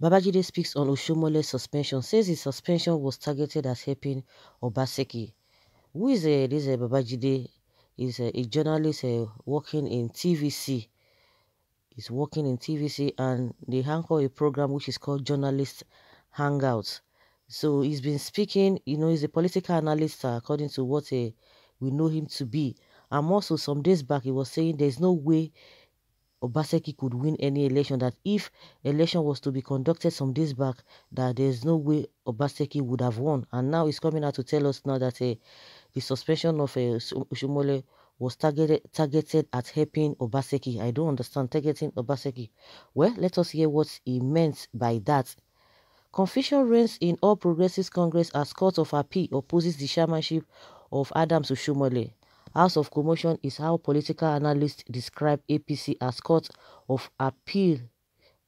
Babajide speaks on Oshomole's suspension, says his suspension was targeted at helping Obaseki. Who is a, this a Babajide? Is a, a journalist a, uh, working in TVC. He's working in TVC and they anchor a program which is called Journalist Hangouts. So he's been speaking, you know, he's a political analyst according to what uh, we know him to be. And also some days back he was saying there's no way Obaseki could win any election, that if election was to be conducted some days back, that there's no way Obaseki would have won. And now he's coming out to tell us now that uh, the suspension of uh, eh, Shumole was targeted targeted at helping Obaseki. I don't understand targeting Obaseki. Well, let us hear what he meant by that. Confusion reigns in all Progressives Congress as Court of Appeal opposes the chairmanship of Adams Shumole. House of Commotion is how political analysts describe APC as Court of Appeal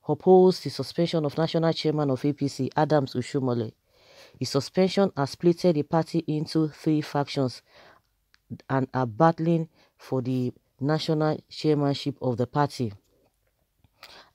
opposed the suspension of National Chairman of APC, Adams Ushumole. His suspension has split the party into three factions and are battling for the national chairmanship of the party,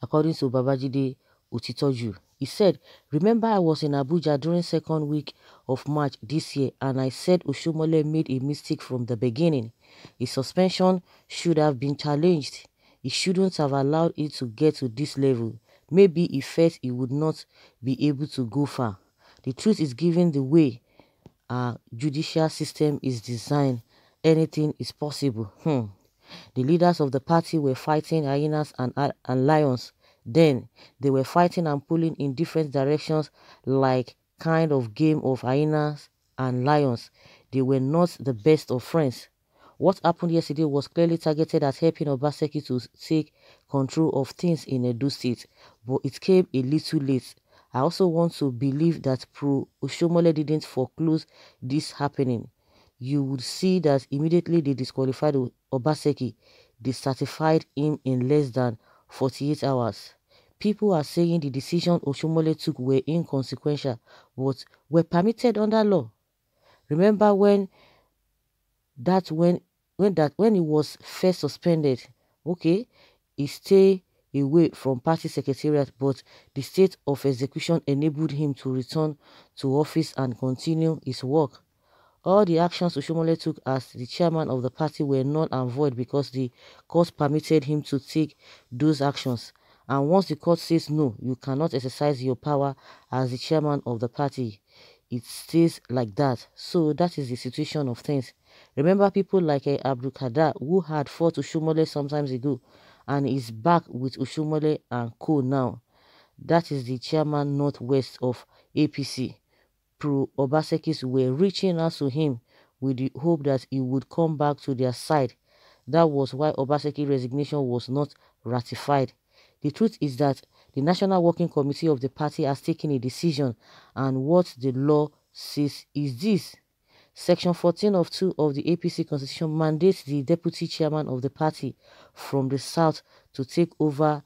according to Babajide Utitoju. He said, "Remember I was in Abuja during second week of March this year and I said Oshiomhole made a mistake from the beginning. His suspension should have been challenged. He shouldn't have allowed it to get to this level. Maybe he felt he would not be able to go far. The truth is given the way our judicial system is designed, anything is possible. Hmm. The leaders of the party were fighting hyenas and, and lions then they were fighting and pulling in different directions like kind of game of hyenas and lions. They were not the best of friends. What happened yesterday was clearly targeted at helping Obaseki to take control of things in Edo State, but it came a little late. I also want to believe that Pro Oshomole didn't foreclose this happening. You would see that immediately they disqualified Obaseki, they certified him in less than 48 hours. People are saying the decisions Oshomole took were inconsequential but were permitted under law. Remember when that when when that when he was first suspended, okay, he stayed away from party secretariat, but the state of execution enabled him to return to office and continue his work. All the actions Oshomole took as the chairman of the party were null and void because the court permitted him to take those actions. And once the court says no, you cannot exercise your power as the chairman of the party. It stays like that. So that is the situation of things. Remember people like uh, eh, Abdul who had fought Ushumole sometimes ago and is back with Ushumole and co now. That is the chairman northwest of APC. Pro Obasekis were reaching out to him with the hope that he would come back to their side. That was why Obaseki's resignation was not ratified. The truth is that the National Working Committee of the party has taken a decision and what the law says is this. Section 14 of 2 of the APC constitution mandates the deputy chairman of the party from the south to take over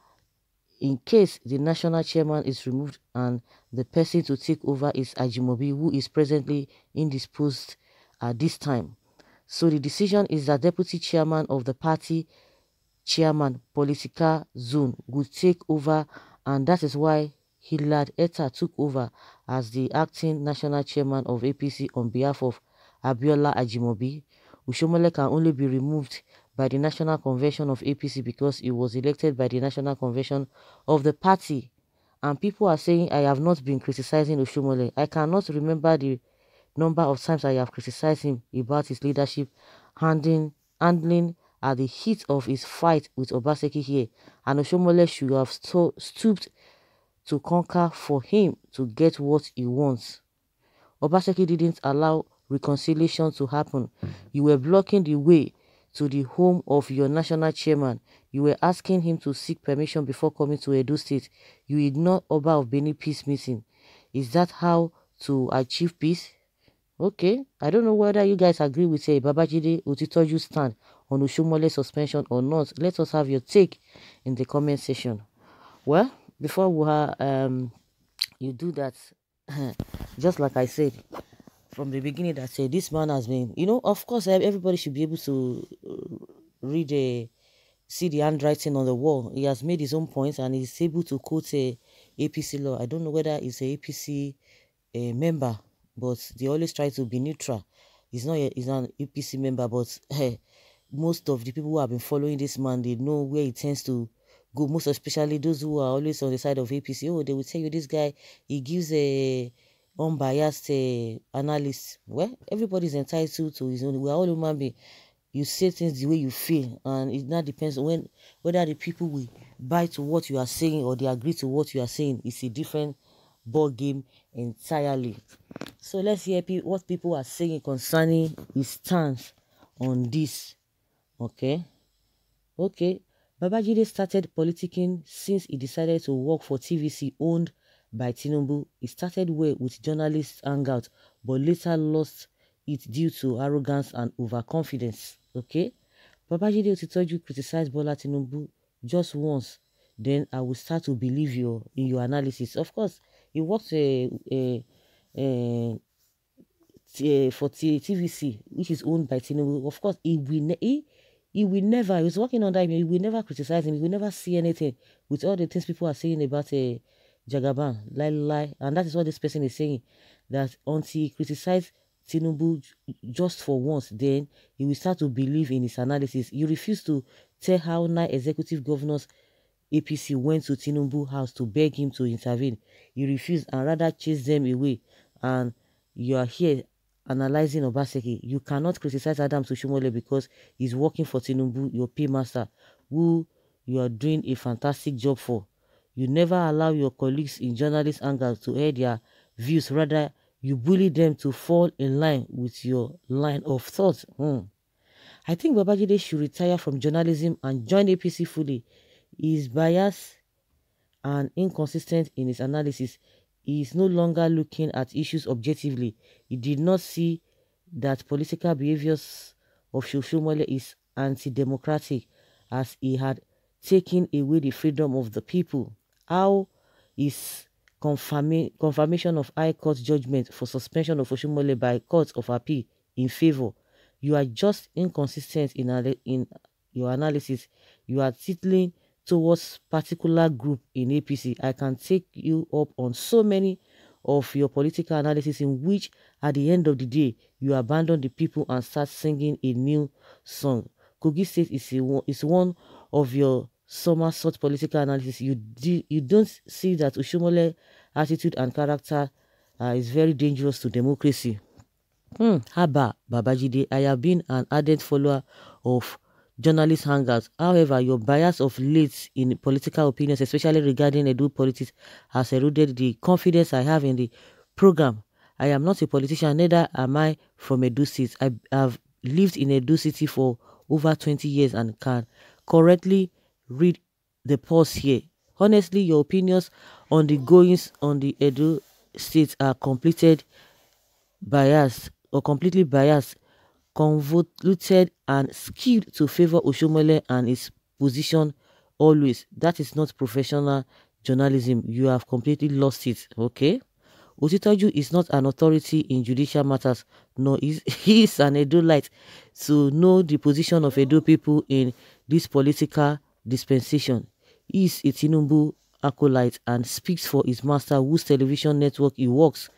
in case the national chairman is removed and the person to take over is Ajimobi, who is presently indisposed at this time. So the decision is that deputy chairman of the party chairman Political Zone would take over and that is why Hillard Etta took over as the acting national chairman of APC on behalf of Abiola Ajimobi. Ushomole can only be removed by the National Convention of APC because he was elected by the National Convention of the party. And people are saying I have not been criticizing Ushomole. I cannot remember the number of times I have criticized him about his leadership, handling, handling at the heat of his fight with Obaseki here, and Oshomole should have sto stooped to conquer for him to get what he wants. Obaseki didn't allow reconciliation to happen. You were blocking the way to the home of your national chairman. You were asking him to seek permission before coming to Edo State. You ignored Oba of Benin peace meeting. Is that how to achieve peace? Okay, I don't know whether you guys agree with say Babajide Utitoju stand on Ushumole's suspension or not. Let us have your take in the comment section. Well, before we ha um you do that, just like I said from the beginning, that say this man has been, you know, of course everybody should be able to uh, read a. See the handwriting on the wall. He has made his own points and he's able to quote a APC law. I don't know whether he's a APC a uh, member but they always try to be neutral. He's not a, he's an APC member, but hey, eh, most of the people who have been following this man, they know where he tends to go. Most especially those who are always on the side of APC. Oh, they will tell you this guy, he gives a unbiased uh, analysis. Well, everybody's entitled to his own. We are all human beings. You say things the way you feel, and it now depends on when whether the people will buy to what you are saying or they agree to what you are saying. It's a different ball game entirely. So let's hear what people are saying concerning his stance on this. Okay. Okay. Babajide started politicking since he decided to work for TVC owned by Tinubu. He started well with journalists hangout, but later lost it due to arrogance and overconfidence. Okay? Babajide Otitoju criticized Bola Tinubu just once. Then I will start to believe you in your analysis. Of course, he worked a, eh, a eh, uh, for TVC, which is owned by Tinubu, of course, he will, he, he will never, he was working on that, he will never criticize him, he will never see anything with all the things people are saying about uh, Jagaban, lie, lie. And that is what this person is saying, that until he criticizes Tinubu just for once, then he will start to believe in his analysis. He refused to tell how nine executive governors APC went to Tinubu house to beg him to intervene. He refused and rather chased them away and you are here analyzing Obaseki, you cannot criticize Adam Sushumole because he's working for Tinubu, your paymaster, who you are doing a fantastic job for. You never allow your colleagues in journalist angles to air their views. Rather, you bully them to fall in line with your line of thought. Hmm. I think Babajide should retire from journalism and join APC fully. He is biased and inconsistent in his analysis. He is no longer looking at issues objectively. He did not see that political behaviors of Shoshomole is anti-democratic as he had taken away the freedom of the people. How is confirmation of High Court judgment for suspension of Oshomole by Court of Appeal in favor? You are just inconsistent in, in your analysis. You are titling towards particular group in APC. I can take you up on so many of your political analysis in which at the end of the day you abandon the people and start singing a new song. Kogi says it's a, one of your sort political analysis. You, do, you don't see that Ushumole attitude and character uh, is very dangerous to democracy. Hmm. Haba Babajide, I have been an ardent follower of journalist hangouts. However, your bias of late in political opinions, especially regarding Edu politics, has eroded the confidence I have in the program. I am not a politician, neither am I from Edu City. I have lived in Edu City for over 20 years and can correctly read the pulse here. Honestly, your opinions on the goings on the Edu State are completed biased or completely biased convoluted and skewed to favor Oshiomhole and his position always. That is not professional journalism. You have completely lost it, okay? Otitoju is not an authority in judicial matters, nor is he is an Edolite to know the position of Edo people in this political dispensation. He is a Tinubu acolyte and speaks for his master whose television network he works.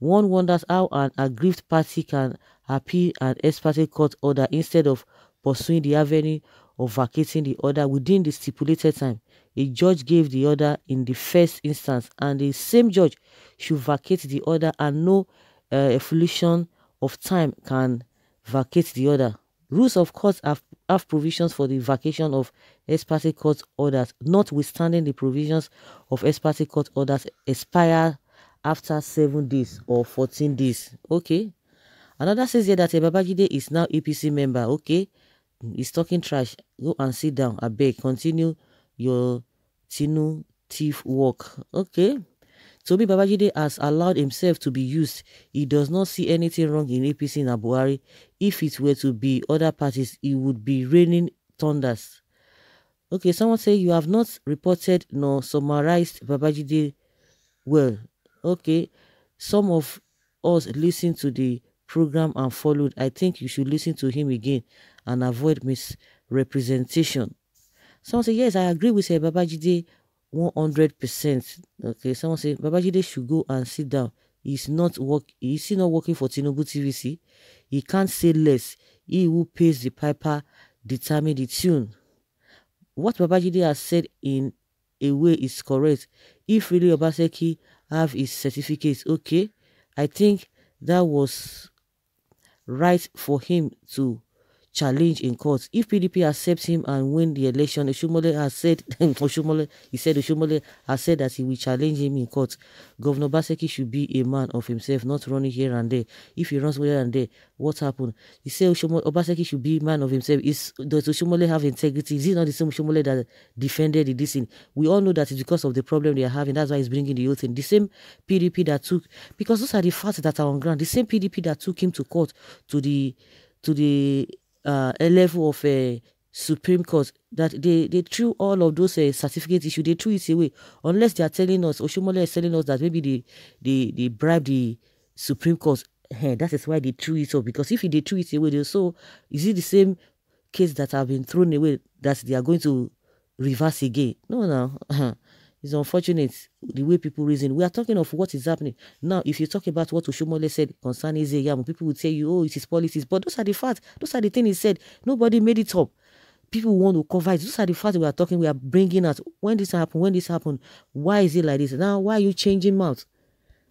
One wonders how an aggrieved party can appeal an ex parte court order instead of pursuing the avenue of vacating the order within the stipulated time. A judge gave the order in the first instance, and the same judge should vacate the order, and no uh, evolution of time can vacate the order. Rules of court have, have provisions for the vacation of ex parte court orders, notwithstanding the provisions of ex parte court orders expire after seven days or 14 days. Okay. Another says here that Babagide is now APC member. Okay, he's talking trash. Go and sit down. I beg. Continue your Tinu thief work. Okay. Toby Babajide has allowed himself to be used. He does not see anything wrong in APC and Abuari. If it were to be other parties, it would be raining thunders. Okay, someone say you have not reported nor summarized Babajide well. Okay, some of us listen to the program and followed. I think you should listen to him again and avoid misrepresentation. Someone said, yes, I agree with her, eh, Babajide 100%. Okay, someone said, Babajide should go and sit down. He's not work. He's not working for Tinubu TVC. He can't say less. He who pays the piper determine the tune. What Babajide has said in a way is correct. If really Obaseki have his certificates, okay, I think that was right for him to challenge in court. If PDP accepts him and win the election, Oshumole has said Oshumole, he said Oshumole has said that he will challenge him in court. Governor Baseki should be a man of himself, not running here and there. If he runs here and there, what happened? He said Oshumole, Obaseki should be a man of himself. Is does Oshumole have integrity? Is he not the same Oshumole that defended the dissing? We all know that it's because of the problem they are having. That's why he's bringing the youth in. The same PDP that took because those are the facts that are on ground. The same PDP that took him to court to the to the uh, a level of a uh, Supreme Court that they, they threw all of those uh, certificate issues, they threw it away. Unless they are telling us, Oshomole is telling us that maybe they, they, they bribed the Supreme Court. Hey, eh, that is why they threw it up. Because if they threw it away, so is it the same case that have been thrown away that they are going to reverse again? No, no. It's unfortunate the way people reason. We are talking of what is happening. Now, if you talk about what Oshomole said concerning Zeyamu, people would say, you, oh, it is politics. But those are the facts. Those are the things he said. Nobody made it up. People want to cover it. Those are the facts we are talking, we are bringing out. When this happened, when this happened, why is it like this? Now, why are you changing mouth?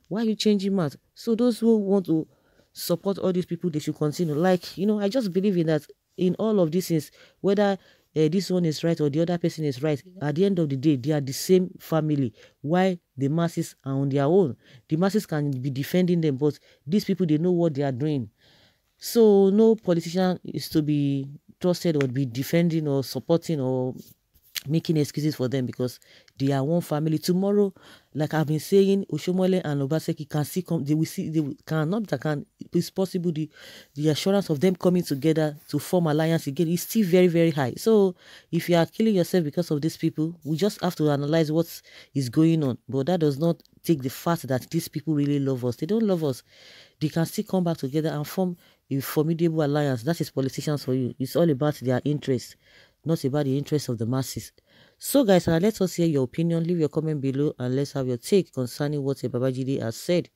Why are you changing mouth? So those who want to support all these people, they should continue. Like, you know, I just believe in that in all of these things, whether uh, this one is right or the other person is right. At the end of the day, they are the same family. Why the masses are on their own? The masses can be defending them, but these people, they know what they are doing. So no politician is to be trusted or be defending or supporting or making excuses for them because they are one family. Tomorrow, like I've been saying, Oshomole and Obaseki can see come. They will see. They will, cannot. That can. It's possible. The the assurance of them coming together to form alliance again is still very very high. So if you are killing yourself because of these people, we just have to analyze what is going on. But that does not take the fact that these people really love us. They don't love us. They can still come back together and form a formidable alliance. That is politicians for you. It's all about their interests not about the interests of the masses. So guys, uh, let us hear your opinion. Leave your comment below and let's have your take concerning what Babaji has said.